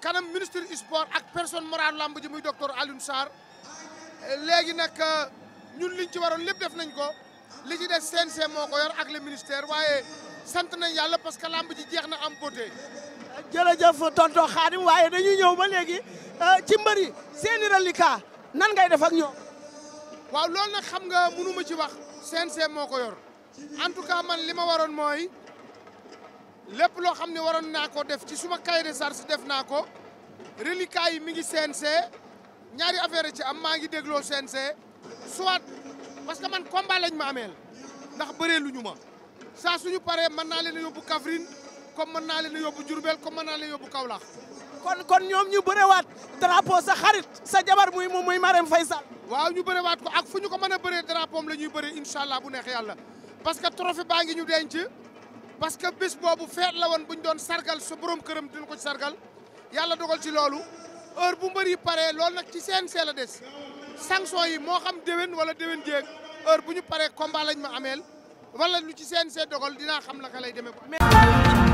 kanam ministre sport ak personne morale lamb ji muy docteur Alioune saar léegi nag ñun liñ ci waroon lépp def nañ ko li ci des CNG moo ko yor ak le ministère waaye sant nañ yàlla parce que lamb ji jeex na am beauté. jërëjëf tonton Khadim waaye dañuy ñëw ba léegi euh, ci mbër yi seen i nan ngay def ak ñoom. waaw loolu nag xam nga mënu ma ci wax CNG moo ko yor en tout man li ma waroon mooy. lépp lo xamni waron waroon ko def ci suma cahier de charge def nako ko yi mi ngi CNC ñaari affaire ci am ma ngi deglo CNC soit parce que man combat lañ ma ndax bëree luñu ma suñu paré man na leen a Kaffrine comme man na leen a Djourbel comme man na leen a kon kon ñom ñu wat drapeau sa xarit sa jabar muy muy waaw ñu wat ko ak fuñu ko a drapeau am lañuy inshallah bu neex yalla parce que trophée baangi ñu denc parce que bés boobu feet la woon bu ñu doon sargal sa boroom këram duñ ko ci sargal yàlla dogal si loolu heure bu mbër yi paree loolu nag ci seen see la des sanction yi moo xam déwén wala déwén jéeg heure bu ñu paree combat lañ ma ameel wala lu ci CNG dogal dinaa xam na naka lay demee.